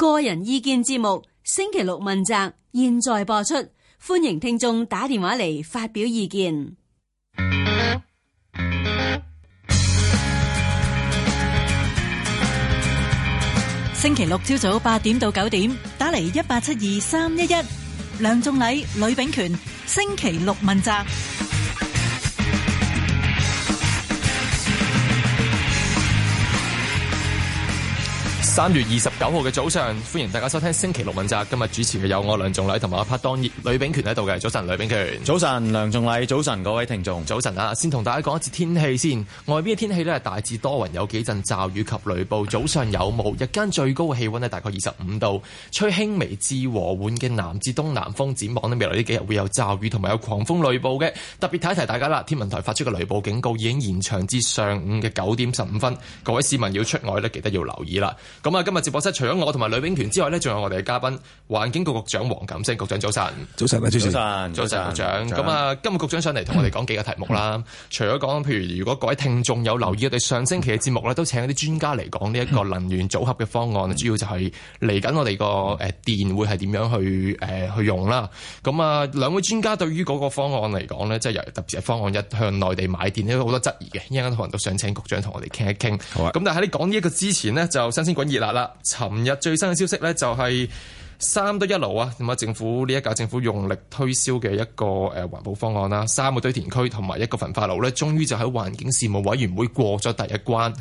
個人意見節目，星期六問責，現在播出，歡迎聽眾打電話嚟發表意見。星期六朝早八點到九點，打嚟一八七二三一一，梁仲禮、呂炳權，星期六問責。三月二十九號嘅早上，歡迎大家收聽星期六問責。今日主持嘅有我梁仲禮同埋我拍檔呂炳權喺度嘅。早晨，呂炳權。早晨，梁仲禮。早晨，各位聽眾。早晨啊，先同大家講一次天氣先。外邊嘅天氣呢，大致多雲，有幾陣驟雨及雷暴。早上有霧，日間最高嘅氣温大概二十五度，吹輕微至和緩嘅南至東南風。展望未來呢幾日會有驟雨同埋有狂風雷暴嘅。特別提一提大家啦，天文台發出嘅雷暴警告已經延長至上午嘅九點十五分。各位市民要出外呢，記得要留意啦。咁啊，今日直播室除咗我同埋女兵權之外咧，仲有我哋嘅嘉賓環境局局長黃錦聲局長，早晨。早晨啊，朱 s i 早晨，早晨局長。咁啊，今日局長上嚟同我哋講幾個題目啦，嗯。除咗講，譬如如果各位聽眾有留意，嗯，我哋上星期嘅節目咧，都請一啲專家嚟講呢一個能源組合嘅方案，嗯，主要就係嚟緊我哋個誒電會係點樣去誒，呃、去用啦。咁啊，兩位專家對於嗰個方案嚟講咧，即，就，係，是，特別嘅方案一向內地買電都好多質疑嘅，一陣間可能都想請局長同我哋傾一傾。咁但係喺你講呢一個之前呢，就新鮮熱辣啦！尋日最新嘅消息咧，就係三堆一爐啊，咁啊，政府呢一屆政府用力推銷嘅一個誒環保方案啦，三個堆填區同埋一個焚化爐咧，終於就喺環境事務委員會過咗第一關。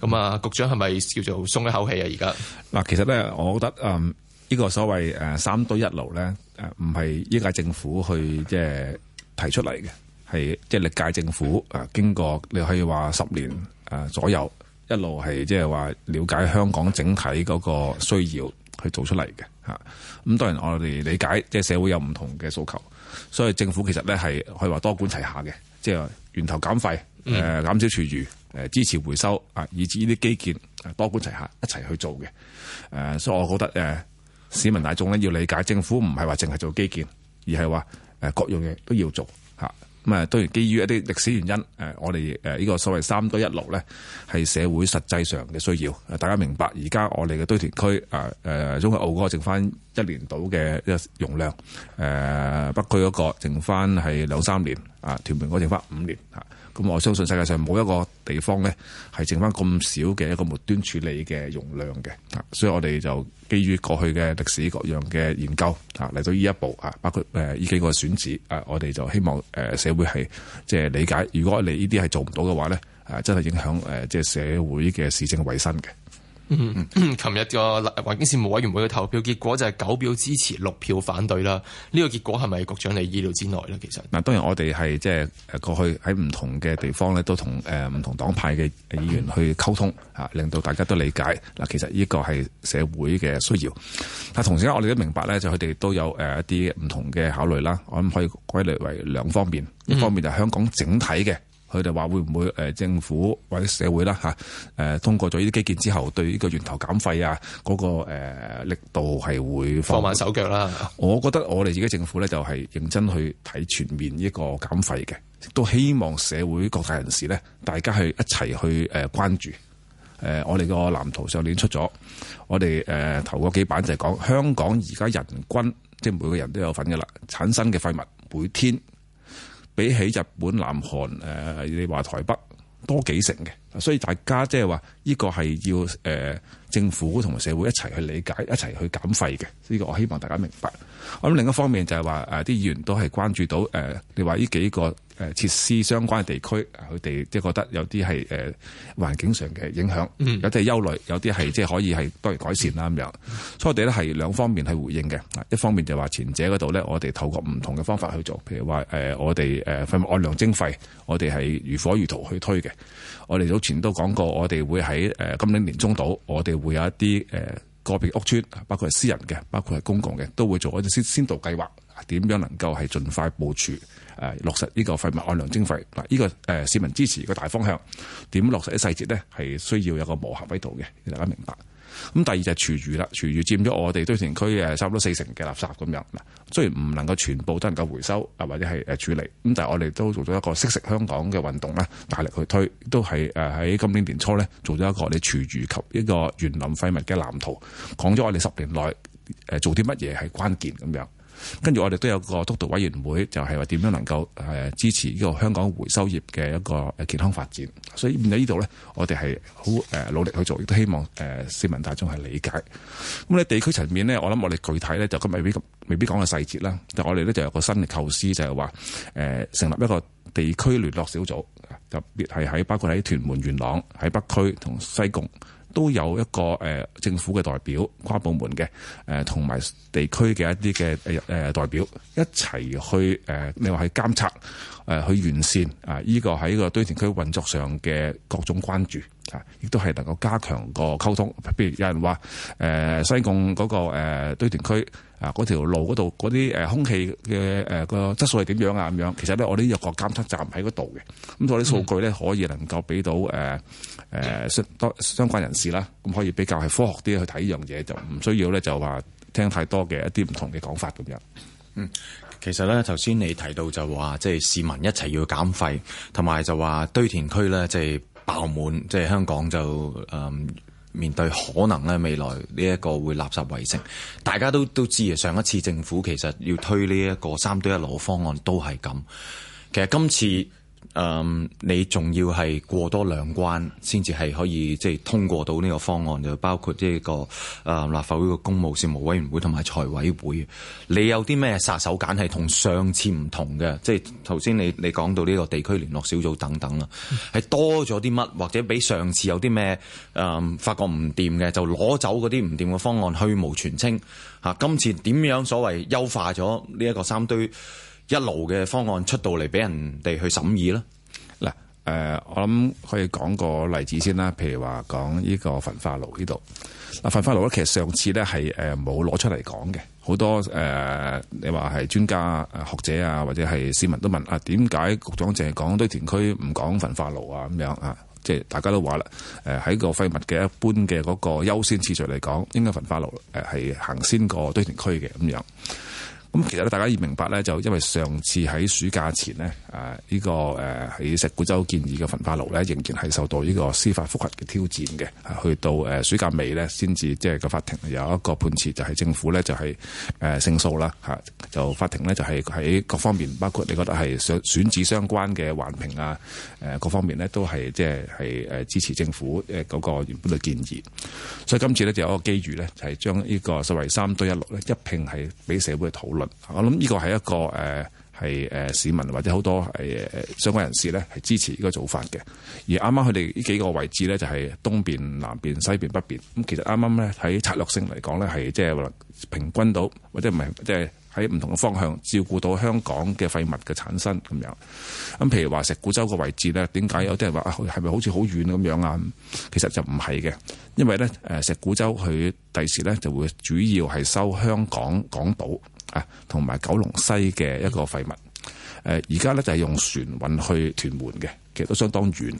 咁啊，局長係咪叫做鬆一口氣啊？而家嗱，其實咧，我覺得誒，呢個所謂誒三堆一爐咧，誒唔係呢屆政府去即係提出嚟嘅，係即係歷屆政府啊，經過你可以話十年誒左右。一路係即係話了解香港整體嗰個需要去做出嚟嘅吓，咁當然我哋理解即係社會有唔同嘅訴求，所以政府其實咧係可以話多管齊下嘅，即係話源頭減廢，誒減少廚餘，誒支持回收啊，以至呢啲基建多管齊下一齊去做嘅，誒，所以我覺得誒市民大眾咧要理解政府唔係話淨係做基建，而係話誒各樣嘢都要做吓。咁啊，當然基於一啲歷史原因，誒，我哋誒呢個所謂三堆一爐咧，係社會實際上嘅需要，誒，大家明白。而家我哋嘅堆填區，誒、呃、中區澳嗰個剩翻一年到嘅一個容量，誒、呃、北區嗰個剩翻係兩三年，啊，屯門嗰個剩翻五年嚇。咁我相信世界上冇一個地方咧係剩翻咁少嘅一個末端處理嘅容量嘅，啊，所以我哋就基於過去嘅歷史各樣嘅研究，啊，嚟到呢一步，啊，包括誒依幾個選址，啊，我哋就希望誒社會係即係理解，如果你呢啲係做唔到嘅話咧，啊，真係影響誒即係社會嘅市政衛生嘅。嗯，琴日個環境事務委員會嘅投票結果就係九票支持，六票反對啦。呢個結果係咪局長你意料之內呢？其實嗱，當然我哋係即係過去喺唔同嘅地方咧，都同誒唔同黨派嘅議員去溝通嚇，令到大家都理解嗱。其實呢個係社會嘅需要，但同時咧，我哋都明白咧，就佢哋都有誒一啲唔同嘅考慮啦。我諗可以歸類為兩方面，一方面就係香港整體嘅。佢哋話會唔會誒政府或者社會啦吓，誒通過咗呢啲基建之後，對呢個源頭減廢啊嗰個誒力度係會放慢，放慢手腳啦？我覺得我哋自己政府咧就係認真去睇全面呢個減廢嘅，亦都希望社會各界人士呢，大家一起去一齊去誒關注。誒，我哋個藍圖上年出咗，我哋誒頭嗰幾版就係講香港而家人均即係每個人都有份噶啦，產生嘅廢物每天。比起日本、南韓，誒你話台北多幾成嘅，所以大家即係話呢個係要誒政府同社會一齊去理解，一齊去減廢嘅呢個，我希望大家明白。咁另一方面就係話啲議員都係關注到誒，你話呢幾個，誒設施相關嘅地區，佢哋即係覺得有啲係誒環境上嘅影響，嗯、有啲係憂慮，有啲係即係可以係多啲改善啦咁樣。所以我哋咧係兩方面係回應嘅。一方面就話前者嗰度咧，我哋透過唔同嘅方法去做，譬如話誒我哋誒分按量徵費，我哋係如火如荼去推嘅。我哋早前都講過我，我哋會喺誒今年年中度，我哋會有一啲誒個別屋邨，包括係私人嘅，包括係公共嘅，都會做一啲先先導計劃，點樣能夠係盡快部署。誒落實呢個廢物按量徵費，嗱、誒、呢個市民支持個大方向，點落實啲細節呢係需要有個磨合喺度嘅，大家明白。咁第二就廚餘啦，廚餘佔咗我哋堆填區誒，差唔多四成嘅垃圾咁樣。嗱，雖然唔能夠全部都能夠回收啊，或者係誒處理，咁但係我哋都做咗一個惜食香港嘅運動啦，大力去推，都係誒喺今年年初咧做咗一個你廚餘及呢個園林廢物嘅藍圖，講咗我哋十年內誒做啲乜嘢係關鍵咁樣。跟住我哋都有個督導委員會，就係話點樣能夠誒支持呢個香港回收業嘅一個健康發展。所以喺呢度咧，我哋係好誒努力去做，亦都希望誒市民大眾係理解。咁咧地區層面咧，我諗我哋具體咧就今日未必未必講嘅細節啦。但係我哋咧就有個新嘅構思，就係話誒成立一個地區聯絡小組，特別係喺包括喺屯門、元朗、喺北區同西貢。都有一個誒政府嘅代表、跨部門嘅誒同埋地區嘅一啲嘅誒誒代表一齊去誒，你話係監察誒去完善啊，呢個喺個堆填區運作上嘅各種關注啊，亦都係能夠加強個溝通。譬如有人話誒西貢嗰個堆填區啊，嗰條路嗰度嗰啲誒空氣嘅誒個質素係點樣啊咁樣？其實咧，我哋有個監測站喺嗰度嘅，咁所以啲數據咧可以能夠俾到誒。嗯誒、呃、相相關人士啦，咁可以比較係科學啲去睇呢樣嘢，就唔需要咧就話聽太多嘅一啲唔同嘅講法咁樣。嗯，其實呢，頭先你提到就話，即係市民一齊要減廢，同埋就話堆填區呢，即係爆滿，即係香港就誒、嗯、面對可能呢未來呢一個會垃圾圍城，大家都都知啊。上一次政府其實要推呢一個三堆一爐方案都係咁，其實今次。嗯，你仲要係過多兩關先至係可以即係通過到呢個方案，就包括呢個、呃、立法會嘅公務事務委員會同埋財委會。你有啲咩殺手鐧係同上次唔同嘅？即係頭先你你講到呢個地區聯絡小組等等啦，係多咗啲乜，或者比上次有啲咩啊發覺唔掂嘅，就攞走嗰啲唔掂嘅方案去蕪存菁、啊、今次點樣所謂優化咗呢一個三堆一路嘅方案出到嚟俾人哋去審議咯。嗱，誒，我諗可以講個例子先啦。譬如話講呢個焚化爐呢度。嗱，焚化爐咧，其實上次咧係誒冇攞出嚟講嘅。好多誒、呃，你話係專家、誒學者啊，或者係市民都問啊，點解局長淨係講堆填區，唔講焚化爐啊？咁樣啊，即係大家都話啦，誒喺個廢物嘅一般嘅嗰個優先次序嚟講，應該焚化爐誒係行先過堆填區嘅咁樣。咁其實咧，大家要明白咧，就因為上次喺暑假前咧，啊、這、呢個誒喺石鼓洲建議嘅焚化爐咧，仍然係受到呢個司法複核嘅挑戰嘅。去到誒暑假尾咧，先至即係個法庭有一個判詞就係政府咧就係誒勝訴啦吓，就法庭咧就係喺各方面，包括你覺得係選選址相關嘅環評啊，誒各方面咧都係即係係誒支持政府誒嗰個原本嘅建議，所以今次咧就有一個機遇咧，就係將呢個所謂三堆一六咧一併，係俾社會嘅討論。我諗呢個係一個誒、係、啊、誒、啊、市民或者好多誒、啊啊、相關人士咧，係支持呢個做法嘅。而啱啱佢哋呢幾個位置咧，就係、是、東邊、南邊、西邊、北邊咁。其實啱啱咧喺策略性嚟講咧，係即係平均到或者唔係即係喺唔同嘅方向照顧到香港嘅廢物嘅產生咁樣。咁、啊、譬如話石鼓洲個位置咧，點解有啲人話係咪好似好遠咁樣啊？其實就唔係嘅，因為咧誒石鼓洲佢第時咧就會主要係收香港港島。啊，同埋九龍西嘅一個廢物，誒而家咧就係用船運去屯門嘅，其實都相當遠。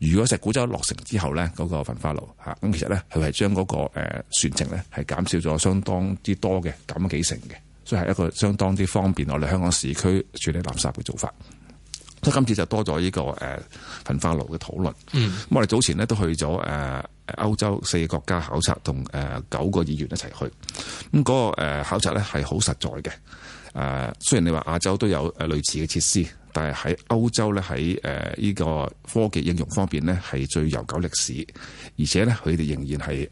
如果石鼓洲落成之後咧，嗰、嗰個焚化爐嚇，咁其實咧佢係將嗰個誒船程咧係減少咗相當之多嘅，減咗幾成嘅，所以係一個相當之方便我哋香港市區處理垃圾嘅做法。所以今次就多咗呢個誒焚化爐嘅討論。嗯，我哋早前咧都去咗誒。歐洲四個國家考察同九個議員一齊去，嗰、嗰個考察係好實在嘅。雖然你話亞洲都有類似嘅設施。但係喺歐洲咧，喺誒依個科技應用方面咧，係最悠久歷史，而且咧佢哋仍然係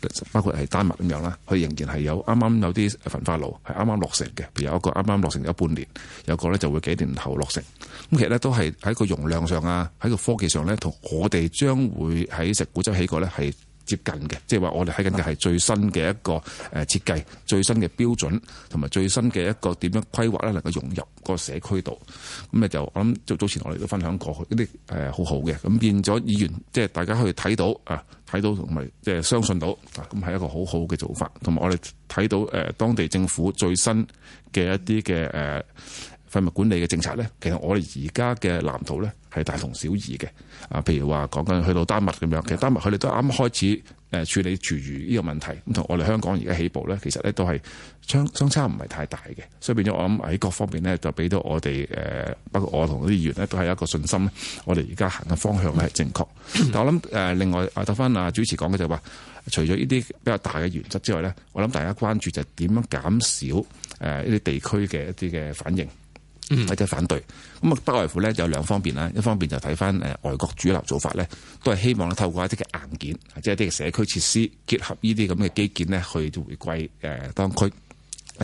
誒，包括係丹麥咁樣啦，佢仍然係有啱啱有啲焚化爐係啱啱落成嘅，譬如有一個啱啱落成咗半年，有個咧就會幾年後落成。咁其實咧都係喺個容量上啊，喺個科技上咧，同我哋將會喺石鼓洲起個咧係接近嘅，即係話我哋睇緊嘅係最新嘅一個誒設計，最新嘅標準同埋最新嘅一個點樣規劃呢，能夠融入個社區度。咁誒就我諗早早前我哋都分享過一，一啲誒好好嘅。咁變咗議員，即係大家可以睇到啊，睇到同埋即係相信到，咁係一個好好嘅做法。同埋我哋睇到誒、呃、當地政府最新嘅一啲嘅誒。呃廢物管理嘅政策咧，其實我哋而家嘅藍圖咧係大同小異嘅。啊，譬如話講緊去到丹麥咁樣，其實丹麥佢哋都啱開始誒處理廚餘呢個問題，咁同我哋香港而家起步咧，其實咧都係相相差唔係太大嘅。所以變咗我諗喺各方面咧，就俾到我哋誒，包括我同啲議員咧，都係一個信心，我哋而家行嘅方向咧係正確。 但我諗誒，另外啊，得翻啊主持講嘅就話，除咗呢啲比較大嘅原則之外咧，我諗大家關注就點樣減少誒呢啲地區嘅一啲嘅反應。或、嗯、者反對咁啊，不外乎咧有兩方面啦。一方面就睇翻外國主流做法咧，都係希望透過一啲嘅硬件，即係一啲嘅社區設施結合呢啲咁嘅基建咧，去回歸誒當區。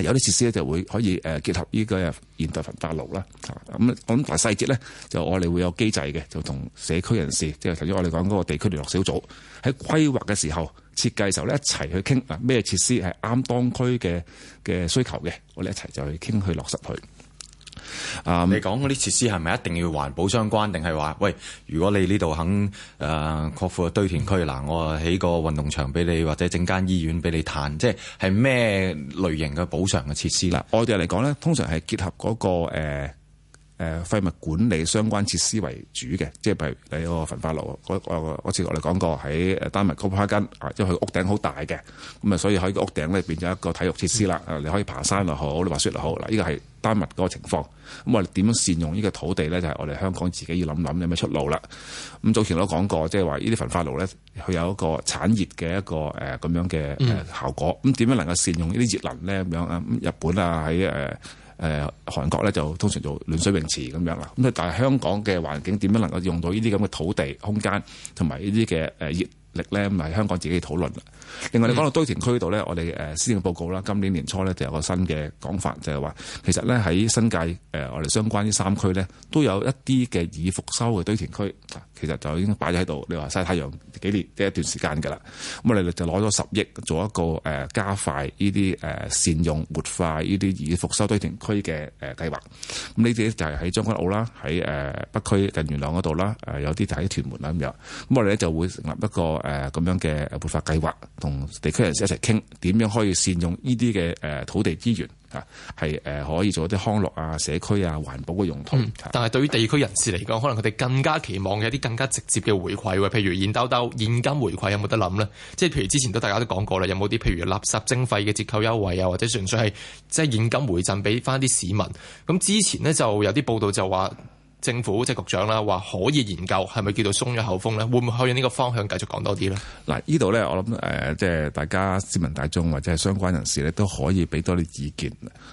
有啲設施咧就會可以誒結合呢個現代焚化爐啦。咁咁同埋細節咧，就我哋會有機制嘅，就同社區人士，即係頭先我哋講嗰個地區聯絡小組喺規劃嘅時候，設計時候咧一齊去傾啊，咩設施係啱當區嘅嘅需求嘅，我哋一齊就去傾去落實去。啊、嗯，你講嗰啲設施係咪一定要環保相關？定係話喂，如果你呢度肯誒擴闊堆填區嗱，我起個運動場俾你，或者整間醫院俾你，彈即係咩類型嘅補償嘅設施啦？我哋嚟講咧，通常係結合嗰、嗰個誒。呃誒廢物管理相關設施為主嘅，即係譬如你個焚化爐嗰次我哋講過喺丹麥哥本哈根啊，因為佢屋頂好大嘅，咁啊所以喺個屋頂咧變咗一個體育設施啦，你可以爬山又好，你滑雪又好，嗱依個係丹麥嗰個情況。咁我哋點樣善用呢個土地咧，就係、是、我哋香港自己要諗諗有咩出路啦。咁早前都講過，即係話呢啲焚化爐咧，佢有一個產熱嘅一個誒咁樣嘅效果。咁、嗯、點樣能夠善用呢啲熱能咧？咁樣啊，日本啊喺誒。誒韓國咧就通常做暖水泳池咁樣啦，咁但係香港嘅環境點樣能夠用到呢啲咁嘅土地空間同埋呢啲嘅誒熱力咧，咪、就是、香港自己討論。另外你講到堆填區度咧，我哋誒施政報告啦，今年年初咧就有個新嘅講法，就係、是、話其實咧喺新界誒我哋相關啲三區咧都有一啲嘅已復修嘅堆填區。其實就已經擺咗喺度。你話曬太陽幾年嘅一段時間㗎啦。咁我哋就攞咗十億做一個誒、呃、加快呢啲誒善用活化呢啲已復修堆填區嘅計劃。咁呢啲就係喺將軍澳啦，喺誒、呃、北區近元朗嗰度啦。有啲就喺屯門啦咁樣。咁我哋咧就會成立一個誒咁、呃、樣嘅活化計劃，同地區人士一齊傾點樣可以善用呢啲嘅土地資源。啊，係可以做一啲康樂啊、社區啊、環保嘅用途。嗯、但係對於地區人士嚟講，可能佢哋更加期望有啲更加直接嘅回饋喎。譬如現兜兜現金回饋有冇得諗咧？即係譬如之前都大家都講過啦，有冇啲譬如垃圾徵費嘅折扣優惠啊，或者純粹係即係現金回贈俾翻啲市民？咁之前呢，就有啲報道就話。政府即係局長啦，話可以研究係咪叫做鬆咗口風咧？會唔會可以呢個方向繼續講多啲咧？嗱，呢度咧，我諗誒，即、呃、係、就是、大家市民大眾或者係相關人士咧，都可以俾多啲意見。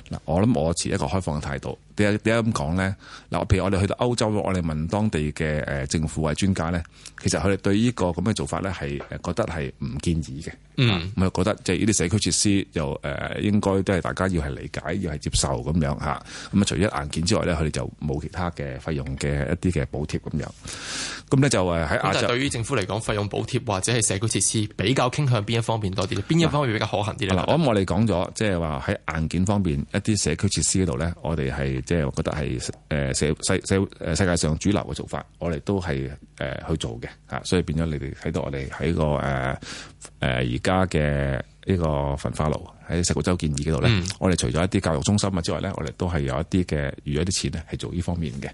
嗱，我諗我持一個開放嘅態度。點解點解咁講咧？嗱，譬如我哋去到歐洲，我哋問當地嘅政府或專家咧，其實佢哋對呢個咁嘅做法咧係誒覺得係唔建議嘅，嗯，咁啊覺得即係呢啲社區設施就誒應該都係大家要係理解要係接受咁樣吓，咁啊除咗硬件之外咧，佢哋就冇其他嘅費用嘅一啲嘅補貼咁樣。咁咧就誒喺亞洲，對於政府嚟講，費用補貼或者係社區設施比較傾向邊一方面多啲？邊一方面比較可行啲咧？嗱、嗯，我諗我哋講咗，即係話喺硬件方面一啲社區設施度咧，我哋係。即係我覺得係社世世界上主流嘅做法，我哋都係誒去做嘅，所以變咗你哋睇到我哋喺個誒而家嘅呢個焚化爐喺石鼓洲建議嗰度咧，我哋除咗一啲教育中心啊之外咧，我哋都係有一啲嘅預一啲錢咧係做呢方面嘅。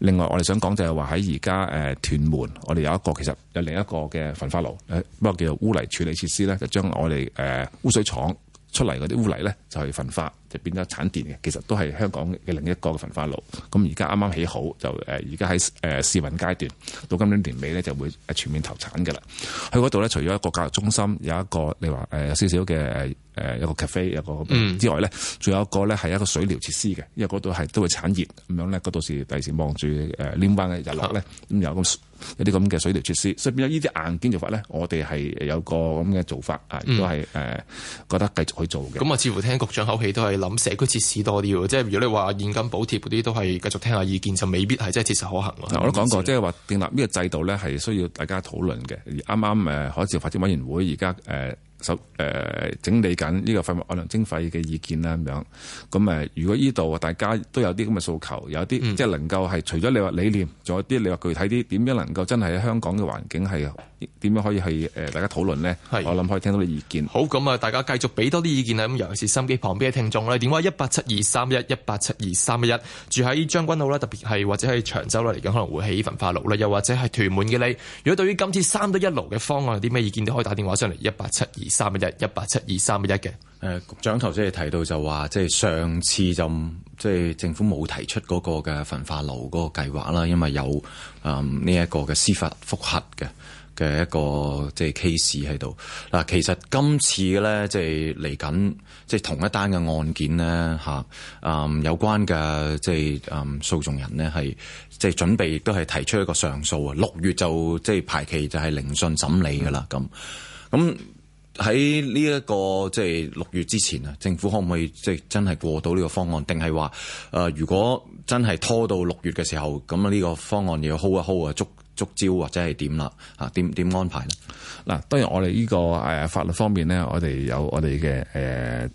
另外我哋想講就係話喺而家誒屯門，我哋有一個其實有另一個嘅焚化爐不過叫做污泥處理設施咧，就將我哋誒、呃、污水廠出嚟嗰啲污泥咧就係焚化。就變咗產電嘅，其實都係香港嘅另一個焚化爐。咁而家啱啱起好，就誒而家喺誒試運階段，到今年年尾咧就會全面投產㗎喇。去嗰度咧除咗一個教育中心，有一個你話有少少嘅誒。誒一個咖啡，一個之外咧，仲有一個咧係一、嗯、一,一個水療設施嘅，因為嗰度係都會產熱咁樣咧，嗰到時第時望住誒蓮灣嘅日落咧，咁、嗯、有個一啲咁嘅水療設施，所以變咗呢啲硬件做法咧，我哋係有個咁嘅做法啊，都係誒覺得繼續去做嘅。咁、嗯、啊，那我似乎聽局長口氣都係諗社區設施多啲喎，即係如果你話現金補貼嗰啲都係繼續聽下意見，就未必係真係切實可行。嗱、嗯，我都講過即係話訂立呢個制度咧，係需要大家討論嘅，啱啱誒海事發展委員會而家誒。呃手、呃、整理緊呢個廢物按量徵費嘅意見啦，咁樣咁誒，如果呢度大家都有啲咁嘅訴求，有啲、嗯、即係能夠係除咗你話理念，仲有啲你話具體啲，點樣能夠真係喺香港嘅環境係點樣可以係誒、呃、大家討論呢？我諗可以聽到你意見。好，咁啊，大家繼續俾多啲意見啦。咁尤其是心機旁邊嘅聽眾呢，電話一八七二三一一八七二三一一，住喺將軍澳咧，特別係或者喺長洲咧嚟緊可能會起焚化爐咧，又或者係屯門嘅你，如果對於今次三堆一爐嘅方案有啲咩意見，都可以打電話上嚟一八七二三一一八七二三一一嘅，誒，局長頭先係提到就話，即係上次就即係政府冇提出嗰個嘅焚化爐嗰個計劃啦，因為有誒呢一個嘅司法覆核嘅嘅一個即係 case 喺度。嗱，其實今次咧，即係嚟緊，即係同一單嘅案件咧，吓，誒，有關嘅即係誒訴訟人呢，係即係準備都係提出一個上訴啊，六月就即係排期就係聆訊審理噶啦，咁咁。喺呢一個即係六月之前啊，政府可唔可以即係真係過到呢個方案？定係話，誒，如果真係拖到六月嘅時候，咁呢個方案要 hold 一 hold 啊，捉捉招或者係點啦？嚇、點、點安排呢嗱，當然我哋呢、呢個、呃、法律方面呢，我哋有我哋嘅誒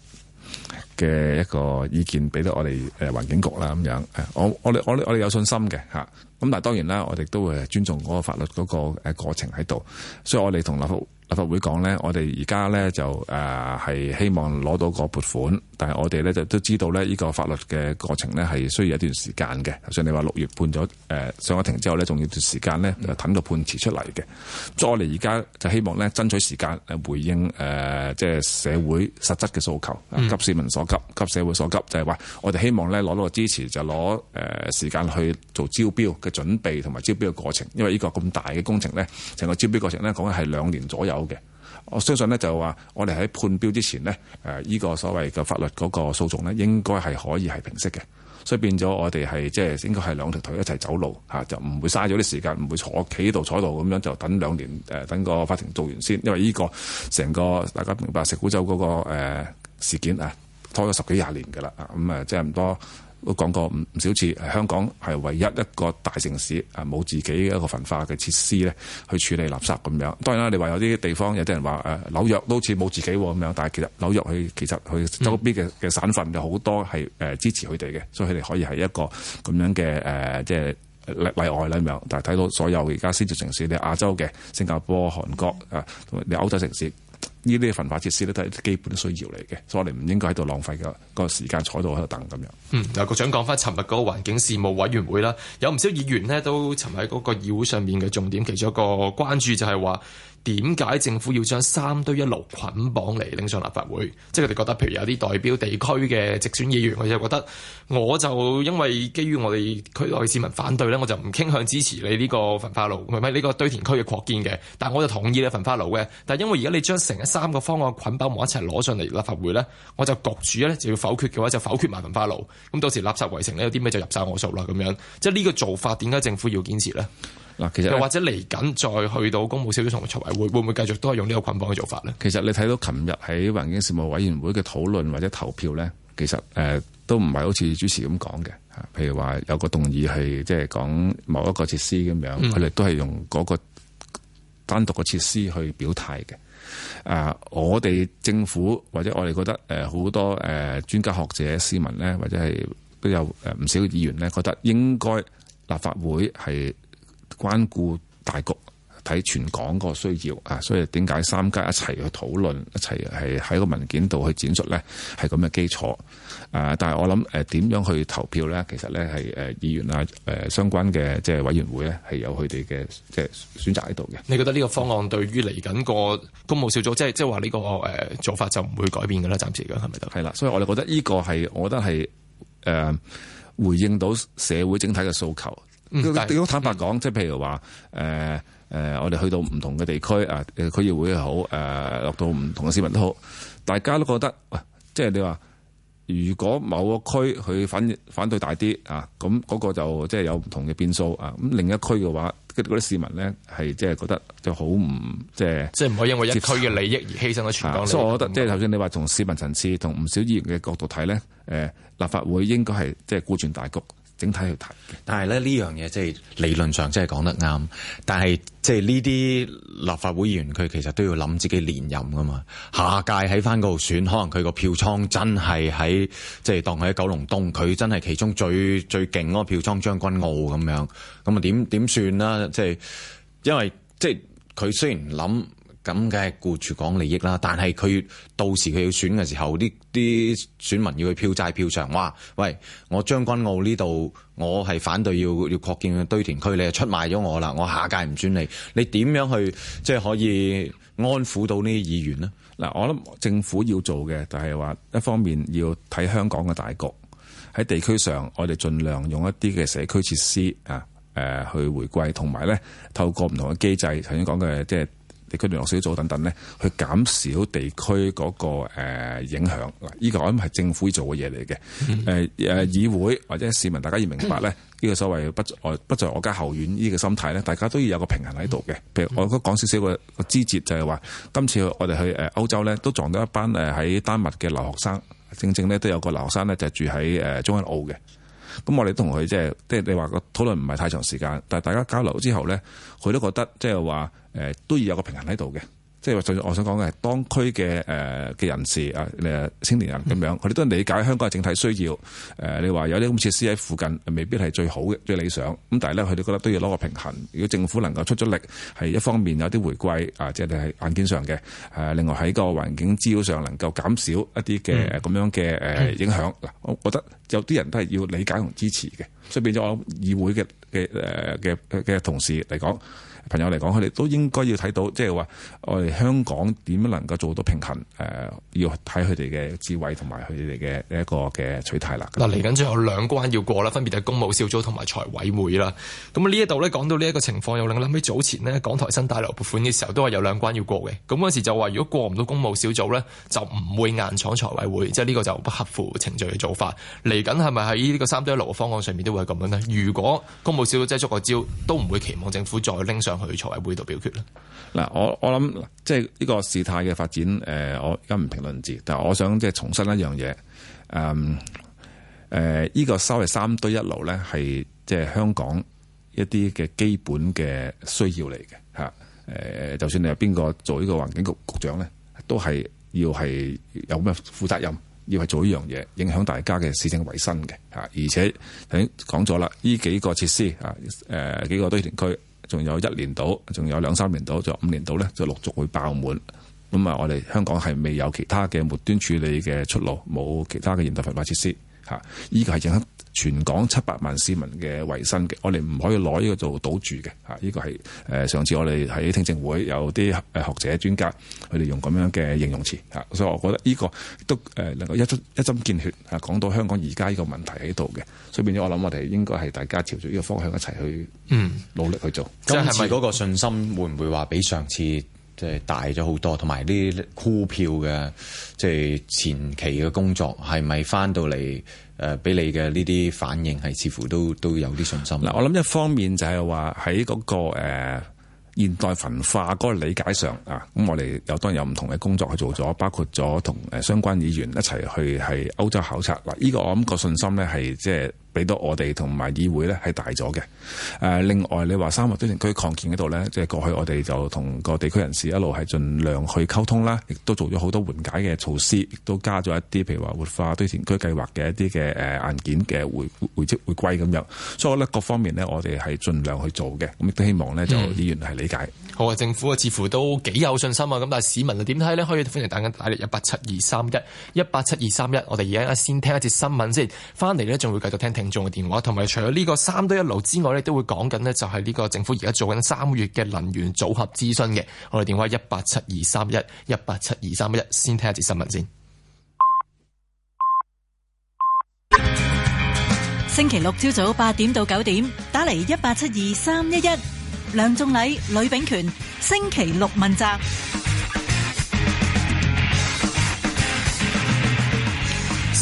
嘅一個意見，俾到我哋誒環境局啦，咁樣。我我哋我哋我哋有信心嘅嚇。咁、啊、但係當然啦，我哋都會尊重嗰個法律嗰個過程喺度。所以我哋同立法。立法會講咧，我哋而家咧就誒係、呃、希望攞到個撥款。但係我哋咧就都知道咧，呢個法律嘅過程咧係需要一、呃、要一段時間嘅。正如你話六月判咗，誒上咗庭之後咧，仲要段時間咧，就等到判詞出嚟嘅。再嚟而家就希望咧爭取時間，回應誒、呃、即係社會實質嘅訴求，急市民所急，急社會所急，就係、是、話我哋希望咧攞到個支持，就攞誒時間去做招標嘅準備同埋招標嘅過程。因為呢個咁大嘅工程咧，成個招標過程咧講緊係兩年左右嘅。我相信呢，就係話，我哋喺判標之前呢，誒、這、呢個所謂嘅法律嗰個訴訟呢，應該係可以係平息嘅，所以變咗我哋係即係應該係兩條腿一齊走路就唔會嘥咗啲時間，唔會著坐企度坐度咁樣就等兩年誒，等個法庭做完先，因為呢、這個成個大家明白石鼓洲嗰、那個、呃、事件啊，拖咗十幾廿年㗎啦，咁啊即係唔多。都講過唔唔少次，係香港係唯一一個大城市啊，冇自己一個焚化嘅設施咧，去處理垃圾咁樣。當然啦，你話有啲地方有啲人話誒紐約都好似冇自己咁樣，但係其實紐約佢其實佢周邊嘅嘅省份有好多係誒支持佢哋嘅，所以佢哋可以係一個咁樣嘅誒即係例外咁樣，但係睇到所有而家先至城市，你亞洲嘅新加坡、韓國啊，你歐洲城市。呢啲嘅焚化設施咧都係基本需要嚟嘅，所以我哋唔應該喺度浪費個個時間坐到喺度等咁樣。嗯，嗱，局長講翻尋日嗰個環境事務委員會啦，有唔少議員呢都尋日喺嗰個議會上面嘅重點，其中一個關注就係話。點解政府要將三堆一爐捆綁嚟拎上立法會？即係佢哋覺得，譬如有啲代表地區嘅直選議員，佢就覺得我就因為基於我哋區內市民反對咧，我就唔傾向支持你呢個焚化爐，係咪呢個堆填區嘅擴建嘅。但我就同意咧焚化爐嘅。但因為而家你將成一三個方案捆綁埋一齊攞上嚟立法會咧，我就局住咧就要否決嘅話就否決埋焚化爐。咁到時垃圾圍城咧有啲咩就入晒我數啦咁樣。即係呢個做法點解政府要堅持咧？嗱，其實又或者嚟緊再去到公務小組同埋籌委會，會會唔會繼續都係用呢個捆綁嘅做法咧？其實你睇到琴日喺環境事務委員會嘅討論或者投票咧，其實誒都唔係好似主持咁講嘅。譬如話有個動議係即係講某一個設施咁樣，佢哋都係用嗰個單獨個設施去表態嘅。啊，我哋政府或者我哋覺得誒好多誒專家學者、市民咧，或者係都有誒唔少議員咧，覺得應該立法會係。關顧大局，睇全港個需要啊，所以點解三家一齊去討論，一齊係喺個文件度去展述咧，係咁嘅基礎啊！但係我諗誒，點樣去投票咧？其實咧係誒，議員啊，誒，相關嘅即係委員會咧，係有佢哋嘅即係選擇喺度嘅。你覺得呢個方案對於嚟緊個公務小組，即係即係話呢個誒做法就唔會改變噶啦？暫時嚟講係咪？得係啦，所以我哋覺得呢個係，我覺得係誒、呃、回應到社會整體嘅訴求。如、嗯、如果坦白講，即係、嗯、譬如話，誒、呃、誒、呃，我哋去到唔同嘅地區啊，區議會好，誒、呃、落到唔同嘅市民都好，大家都覺得，喂、呃，即係你話，如果某個區佢反反對大啲啊，咁嗰個就即係有唔同嘅變數啊，咁另一區嘅話，嗰啲市民咧係即係覺得就好唔即係，即係唔可以因為一區嘅利益而犧牲咗全港。所以，我覺得即係頭先你話從市民層次同唔少議員嘅角度睇咧，誒、呃、立法會應該係即係顧全大局。整體嚟睇，但係咧呢樣嘢即係理論上真係講得啱，但係即係呢啲立法會議員佢其實都要諗自己連任噶嘛，下屆喺翻嗰度選，可能佢個票倉真係喺即係當佢喺九龍東，佢真係其中最最勁嗰個票倉將軍澳咁樣，咁啊點點算啦？即係因為即係佢雖然諗。咁梗係顧住講利益啦，但係佢到時佢要選嘅時候，啲啲選民要去票債票償，哇！喂，我將軍澳呢度，我係反對要要擴建嘅堆填區，你出賣咗我啦，我下屆唔選你。你點樣去即係、就是、可以安撫到呢啲議員呢？嗱，我諗政府要做嘅就係話，一方面要睇香港嘅大局，喺地區上，我哋盡量用一啲嘅社區設施啊，去回饋，同埋咧透過唔同嘅機制，頭先講嘅即係。地區聯絡小組等等咧，去減少地區嗰、那個誒、呃、影響。依、這個我諗係政府做嘅嘢嚟嘅。誒、嗯、誒、呃，議會或者市民，大家要明白咧，呢、嗯這個所謂不外不在我家後院呢個心態咧，大家都要有個平衡喺度嘅。譬、嗯、如我講少少個個枝節，就係話今次我哋去誒歐洲咧，都撞到一班誒喺丹麥嘅留學生，正正咧都有個留學生咧就住喺誒中央澳嘅。咁我哋同佢即係即係你話個討論唔係太長時間，但係大家交流之後咧，佢都覺得即係話。就是誒都要有個平衡喺度嘅，即係話就我想講嘅係當區嘅誒嘅人士啊，誒青年人咁樣，佢哋都係理解香港嘅整體需要。誒、呃、你話有啲咁設施喺附近，未必係最好嘅、最理想。咁但係咧，佢哋覺得都要攞個平衡。如果政府能夠出咗力，係一方面有啲回歸啊，即係你喺硬件上嘅。誒、啊、另外喺個環境資料上能夠減少一啲嘅咁樣嘅影響。嗱，我覺得有啲人都係要理解同支持嘅。所以變咗我議會嘅嘅嘅嘅同事嚟講。朋友嚟講，佢哋都應該要睇到，即係話我哋香港點樣能夠做到平衡？呃、要睇佢哋嘅智慧同埋佢哋嘅一個嘅取態啦。嗱，嚟緊最後兩關要過啦，分別係公務小組同埋財委會啦。咁呢一度咧講到呢一個情況，又令我諗起早前呢，港台新大流樓撥款嘅時候，都係有兩關要過嘅。咁嗰時就話如果過唔到公務小組咧，就唔會硬闖財委會，即係呢個就不合乎程序嘅做法。嚟緊係咪喺呢個三一六三堆一爐嘅方案上面都會咁樣呢？如果公務小組真係捉個招，都唔會期望政府再拎上，想去財委會度表決啦。嗱，我我諗即係呢個事態嘅發展。誒，我而家唔評論住，但係我想即係重申一樣嘢。誒、嗯，誒、呃、呢、這個所謂三堆一爐咧，係即係香港一啲嘅基本嘅需要嚟嘅嚇。誒、呃，就算你係邊個做呢個環境局局長咧，都係要係有咩負責任，要係做呢樣嘢影響大家嘅市政衞生嘅嚇。而且頭先講咗啦，呢幾個設施嚇誒、呃、幾個堆填區。仲有一年到，仲有兩三年到，仲有五年到咧，就陸續會爆滿。咁啊，我哋香港係未有其他嘅末端處理嘅出路，冇其他嘅現代焚化設施，吓，依個係影響全港七百萬市民嘅衛生嘅，我哋唔可以攞呢個做賭注嘅吓，呢個係上次我哋喺聽證會有啲誒學者專家佢哋用咁樣嘅形容詞吓，所以我覺得呢個都誒能夠一針一針見血啊，講到香港而家呢個問題喺度嘅，所以變咗我諗我哋應該係大家朝住呢個方向一齊去嗯努力去做，咁係咪嗰個信心會唔會話比上次即係大咗好多，同埋呢啲箍票嘅即係前期嘅工作係咪翻到嚟？誒俾你嘅呢啲反應係似乎都都有啲信心。嗱，我諗一方面就係話喺嗰個誒現代焚化嗰個理解上啊，咁我哋有當然有唔同嘅工作去做咗，包括咗同誒相關議員一齊去係歐洲考察。嗱，呢個我諗個信心咧係即係。俾到我哋同埋議會呢係大咗嘅。誒，另外你話三個堆填區擴建嗰度呢，即係過去我哋就同各地區人士一路係盡量去溝通啦，亦都做咗好多緩解嘅措施，亦都加咗一啲譬如話活化堆填區計劃嘅一啲嘅誒硬件嘅回回回歸咁樣。所以我呢各方面呢，我哋係盡量去做嘅，咁亦都希望呢，就議員係理解、嗯。好啊，政府啊，似乎都幾有信心啊。咁但係市民啊，點睇呢？可以歡迎大家打嚟一八七二三一一八七二三一。我哋而家先聽一節新聞先，翻嚟呢，仲會繼續聽聽。聽眾嘅電話，同埋除咗呢個三堆一爐之外咧，都會講緊呢就係呢個政府而家做緊三月嘅能源組合諮詢嘅，我哋電話一八七二三一，一八七二三一，先聽一下節新聞先。星期六朝早八點到九點，打嚟一八七二三一一，梁仲禮、呂炳權，星期六問責。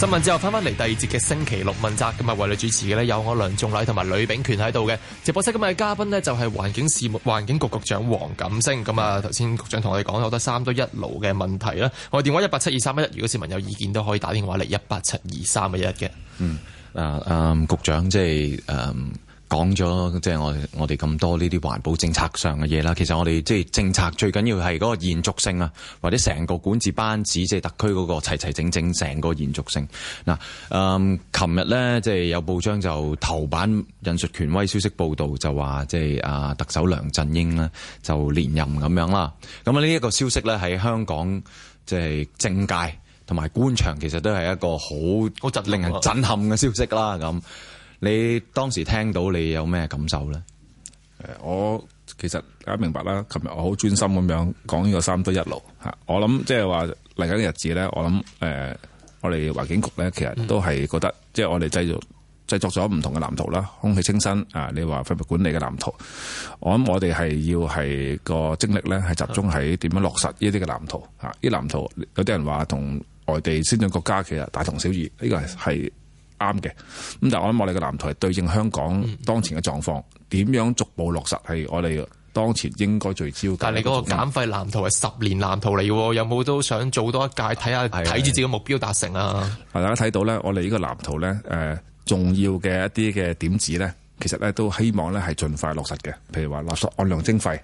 新聞之後翻翻嚟，第二節嘅星期六問責，今日為你主持嘅呢有我梁仲禮同埋呂炳權喺度嘅直播室。今日嘅嘉賓呢，就係環境事務環境局局長黃錦星。咁啊，頭先局長同我哋講，好多三堆一爐嘅問題啦。我哋電話一八七二三一一，如果市民有意見都可以打電話嚟一八七二三一一嘅。嗯，嗱、呃，嗯、呃，局長即係，嗯、呃。講咗即係我我哋咁多呢啲環保政策上嘅嘢啦，其實我哋即係政策最緊要係嗰個延續性啊，或者成個管治班子即係、就是、特區嗰、那個齊齊整整成個延續性。嗱、嗯，誒，琴日呢，即、就、係、是、有報章就頭版引述權威消息報道就，就話即係啊特首梁振英呢，就連任咁樣啦。咁啊呢一個消息呢，喺香港即係、就是、政界同埋官場其實都係一個好好令人震撼嘅消息啦咁。你當時聽到你有咩感受咧，呃？我其實大家明白啦。琴日我好專心咁樣講呢個三堆一爐嚇。我諗即係話嚟緊嘅日子咧，我諗誒、呃，我哋環境局咧，其實都係覺得即係、就是，我哋製造製作咗唔同嘅藍圖啦，空氣清新啊，你話廢物管理嘅藍圖。我諗我哋係要係個精力咧，係集中喺點樣落實呢啲嘅藍圖嚇。呢、嗯、藍圖有啲人話同外地先進國家其實大同小異，呢、這個係。嗯啱嘅，咁但係我諗我哋嘅藍圖係對應香港當前嘅狀況，點、嗯、樣逐步落實係我哋當前應該聚焦。但係你嗰個減廢藍圖係十年藍圖嚟，有冇都想做多一屆，睇下睇住自己嘅目標達成啊？大家睇到咧，我哋呢個藍圖咧，誒、呃、重要嘅一啲嘅點子咧，其實咧都希望咧係盡快落實嘅。譬如話垃圾按量徵費，